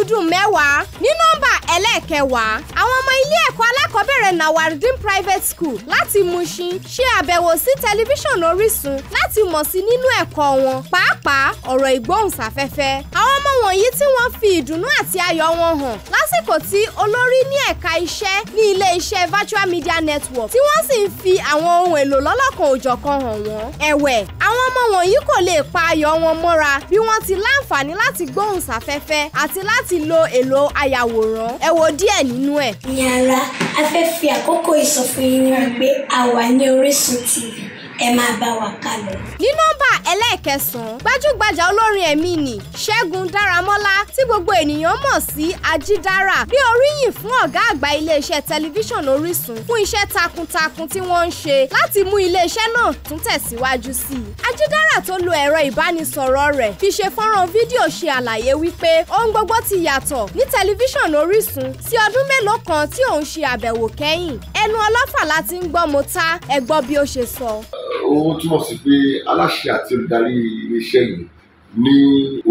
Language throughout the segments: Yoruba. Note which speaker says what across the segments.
Speaker 1: dúdú mẹ́wàá ní nọ́mbà ẹlẹ́ẹ̀kẹwàá àwọn ọmọ ilé ẹ̀kọ́ alákọ̀ọ́bẹ̀rẹ̀ Nawarideen Private School láti Mushin ṣe àbẹ̀wò sí tẹlifíṣàn Orísun láti mọ̀ sí nínú ẹ̀kọ́ wọn pàápàá ọ̀rọ̀ ìgbóhùnsáfẹ́fẹ́ àwọn ọmọ wọ̀nyí tí wọ́n fi ìdùnnú àti ayọ̀ wọn hàn lásìkò tí olórí ní ẹ̀ka iṣẹ́ ní ilé iṣẹ́ Virtual Media Network tí wọ́n sì ń fi àwọn ohun èlò lọ́lọ́kan òjọ̀kan hàn wọ́n ẹ̀wẹ̀ àwọn ọmọ wọ̀nyí kò lè pa ayọ̀ wọn mọ́ra bí wọ́n ti láǹfààní láti gbóhùnsáfẹ́fẹ́ àti láti lo èlò ayàwòrán ẹ wo díẹ̀ nínú ẹ̀. ní ara a fẹ́ fi àkókò ìsọfúnni wa pé a wà ní Orísun TV ẹ máa bá wa kálọ. ní nọ́mbà ẹlẹ́ẹ̀kẹsàn-án gbajúgbajà olórin ẹ̀mí ni Ṣẹ́gun Dáramọ́lá tí gbogbo ènìyàn mọ̀ sí Ajídára bí oríyìn fún ọ̀gá àgbà iléeṣẹ́ tẹlifíṣàn Orísun fún iṣẹ́ takuntakun tí wọ́n ń ṣe láti mú iléeṣẹ́ náà tún tẹ̀síwájú sí i. Ajídára tó lo ẹ̀rọ ìbánisọ̀rọ̀ rẹ̀ fi ṣe fọ́nrán fídíò ṣe àlàyé wípé ohun gbogbo ti yàtọ̀ ní tẹlifíṣàn Orísun sí ọdún mélòó kan tí òun ṣe àbẹ̀wò kẹ́yìn ẹnu ọlọ́fà láti ń gbọ́ mo ta ẹ bí ó ṣe sọ ó túmọ̀ sí pé aláṣẹ àti olùdarí iléeṣẹ́ yìí ní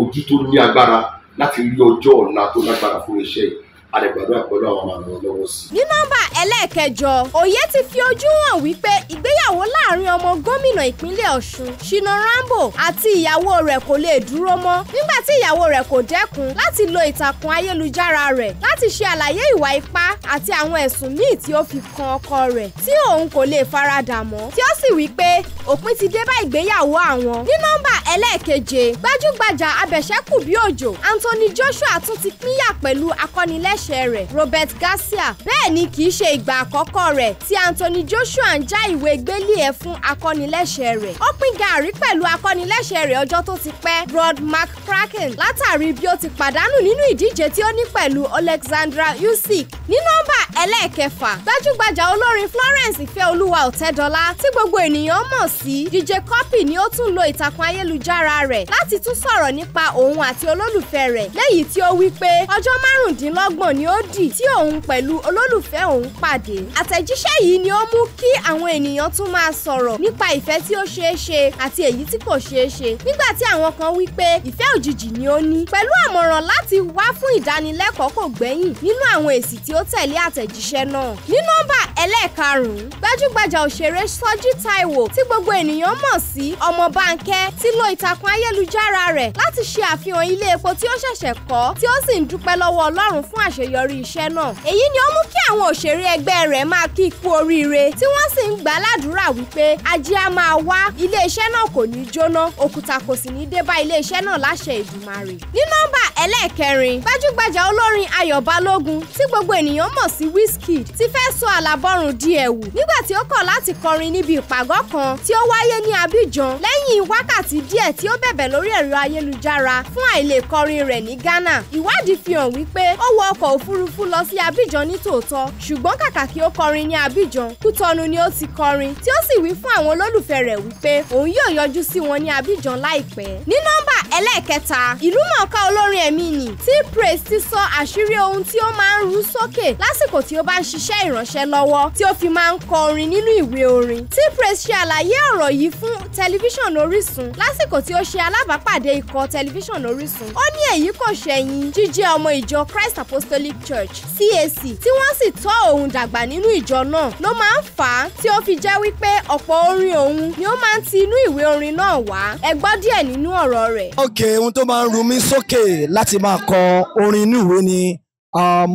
Speaker 1: ojú tó ní agbára láti rí ọjọ́ ọ̀la tó lágbára fún iléeṣẹ́ yìí àdẹ̀gbàdúrà pẹ̀lú àwọn ọmọ àwọn lọ́wọ́ sí. ní nọ́mbà ẹlẹ́ẹ̀kẹjọ òye ti fi ojú hàn wípé ìgbéyàwó láàrin ọmọ gómìnà ìpínlẹ̀ ọ̀ṣun ṣínà rambo àti ìyàwó rẹ̀ kò lè dúró mọ́ nígbà tí ìyàwó rẹ̀ kò dẹ́kun láti lo ìtàkùn ayélujára rẹ̀ láti ṣe àlàyé ìwà ipá àti àwọn ẹ̀sùn míì tí ó fi kan ọkọ rẹ̀ tí òun kò lè faradà mọ́ tí ó sì wí pé òpin ti dé bá ìgbéyàwó àwọn. ní nọ́mbà ẹlẹ́ẹ̀keje gbajúgbajà abẹ̀ṣẹ́kùbí òjò Anthony Joshua tún ti pínyà pẹ̀lú akọ́nilẹ́ṣẹ́ rẹ̀ Robert Garcia bẹ́ẹ̀ ni kì í ṣe ìgbà àkọ́kọ́ rẹ̀ tí Anthony Joshua ń já ìwé gbélé ẹ̀ fún akọ́nilẹ́ṣẹ́ rẹ̀ ó pín gàárì pẹ̀lú akọ́nilẹ́ṣẹ́ rẹ̀ ọjọ́ tó ti pẹ́ Rod McCracken látàrí bí ó ti pàdánù nínú ìdíje tí ó ní pẹ̀lú Alexandra Usyk ní nọ́mbà ẹlẹ́ẹ̀kẹfà gbajúgbajà olórin Florence Ìfẹ́olúwa Ọ̀tẹ́dọ́lá tí gbogbo gbogbo ènìyàn mọ̀ sí DJ Cuppy ni ó tún lo ìtàkùn ayélujára rẹ̀ láti tún sọ̀rọ̀ nípa òun àti olólùfẹ́ rẹ̀ léyìí tí ó wí pé ọjọ́ márùndínlọ́gbọ̀n ni ó dì tí òun pẹ̀lú olólùfẹ́ òun pàdé àtẹ̀jíṣẹ́ yìí ni ó mú kí àwọn ènìyàn tún máa sọ̀rọ̀ nípa ìfẹ́ tí ó ṣeé ṣe àti èyí tí kò ṣeé ṣe nígbà tí àwọn kan wí pé ìfẹ́ òjijì ni ó ní pẹ̀lú àmọ̀ràn láti wá fún ìdánilẹ́kọ̀ọ́ kò gbẹ́yìn nínú àwọn èsì tí ó tẹ̀lé àtẹ̀jíṣẹ́ náà ní nọ́mbà ẹlẹ́ẹ̀karùn-ún gbajúgbajà òṣèré Sọ́jí Táíwò tí gbogbo ènìyàn mọ̀ sí ọmọ Bánkẹ́ ti lo ìtàkùn ayélujára rẹ̀ láti ṣe àfihàn ilé epo tí ó ṣẹ̀ṣẹ̀ kọ́ tí ó sì ń dúpẹ́ lọ́wọ́ Ọlọ́run fún àṣeyọrí iṣẹ́ náà èyí ni ó mú kí àwọn òṣèré ẹgbẹ́ rẹ̀ máa kí i kú oríire tí wọ́n sì ń gbà ládùúrà wípé ajé a máa wá ilé iṣẹ́ náà kò ní jóná òkúta kò sì ní dé bá ilé iṣẹ́ náà láṣẹ Èdùmàrè ní nọ́mbà ẹlẹ́ẹ̀kẹrin gbajúgbajà olórin Ayọ̀ Balógun tí gbogbo ènìyàn mọ̀ sí Wizkid ti fẹ́ sọ àlàbọ̀rùn di ẹ̀wù nígbà tí ó kọ̀ láti kọrin níbi ìpàdé ìpàgọ́ kan tí ó wáyé ní Abidjan lẹ́yìn wákàtí díẹ̀ tí ó bẹ̀bẹ̀ lórí ẹ̀rọ ayélujára fún àìlèkọrin rẹ̀ ní Ghana ìwádìí fi hàn wípé ó wọ ọkọ̀ òfurufú lọ sí Abidjan ní tòótọ́ ṣùgbọ́n kàkà kí ó kọrin ní Abidjan Kútọ́nù ni ó ti kọrin tí ó sì wí fún àwọn olólùfẹ́ rẹ̀ wípé òun yóò yọjú sí wọn ní Abidjan láìpẹ́ nínú ẹlẹ́ẹ̀kẹta ìlúmọ̀ọ́ká olórin ẹ̀mí ni tí praise ti sọ àṣírí ohun tí ó máa ń rú sókè lásìkò tí ó bá ń ṣiṣẹ́ ìránṣẹ́ lọ́wọ́ tí ó fi máa ń kọ orin nínú ìwé orin tí praise ṣe àlàyé ọ̀rọ̀ yìí fún tẹlifíṣàn Orísun lásìkò tí ó ṣe alábàápàdé ikọ̀ tẹlifíṣàn Orísun ó ní èyí kò ṣẹ̀yìn jíjẹ́ ọmọ ìjọ Christ Apostolic Church CAC tí wọ́n sì tọ́ òun dàgbà nínú ìjọ náà ló máa ń fà á tí ó fi jẹ́ wípé ọ̀pọ̀ orin òun ni ó máa ń ti inú ìwé orin náà wá ẹ gbọ́ díẹ̀ nínú ọ̀rọ̀ rẹ̀ ok ohun tó máa ń ru mí sókè láti máa kọ orin inú ìwé ni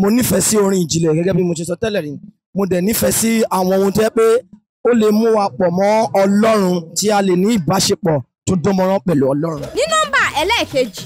Speaker 1: mo nífẹ̀ẹ́ sí orin ìjìnlẹ̀ gẹ́gẹ́ bí mo ṣe sọ tẹ́lẹ̀ rí mo dẹ̀ nífẹ̀ẹ́ sí àwọn ohun tó yẹ pé ó lè mú wa pọ̀ mọ́ Ọlọ́run tí a lè ní ìbáṣepọ̀ tó dánmọ́rán pẹ̀lú Ọlọ́run. ní nọ́mbà ẹlẹ́ẹ̀kejì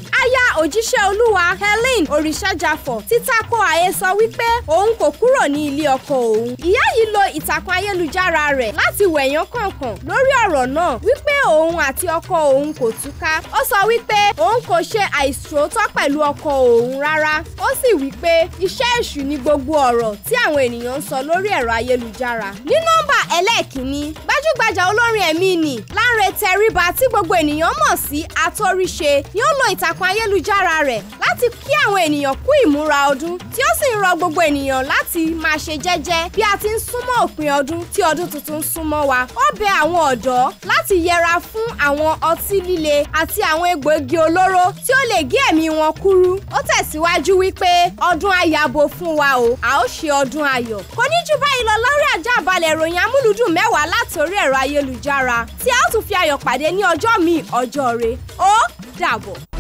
Speaker 1: òjíṣẹ́ olúwa helen òrìṣàjàfọ̀ títako àhesọ wípé òun kò kúrò ní ilé ọkọ òun. ìyá yìí lo ìtàkùn ayélujára rẹ̀ láti wẹ̀yán kànkàn lórí ọ̀rọ̀ náà wípé òun àti ọkọ òun kò túká. ó sọ wípé òun kò ṣe àìṣòótọ́ pẹ̀lú ọkọ òun rárá. ó sì wípé iṣẹ́ èṣù ni gbogbo ọ̀rọ̀ tí àwọn ènìyàn ń sọ lórí ẹ̀rọ ayélujára. ní nọ́mbà ẹlẹ́ẹ̀kínní gbajúgbajà olórin ẹ̀mí ni Dáre Tẹríba tí gbogbo ènìyàn mọ̀ sí Atóríṣe ni ó lo ìtàkùn ayélujára rẹ̀ láti kí àwọn ènìyàn kú ìmúra ọdún tí ó sì ń rọ gbogbo ènìyàn láti máa ṣe jẹ́jẹ́ bí a ti ń súnmọ́ òpin ọdún tí ọdún tuntun ń súnmọ́ wa. Ó bẹ àwọn ọ̀dọ́ láti yẹra fún àwọn ọtí líle àti àwọn egbòogi olóró tí ó lè gé wọn kúrú. ó tẹ̀síwájú wípé ọdún ayàbò fún wa o a ó ṣe ọdún ayọ̀. kò ní jù báyìí lọ lórí àjàbalẹ̀ ìròyìn amúlùdùn mẹ́wàá látòrí ẹ̀rọ ayélujára tí a ó tún fi ayọ̀ pàdé ní ọjọ́ míì ọjọ́ re ó dàbọ̀.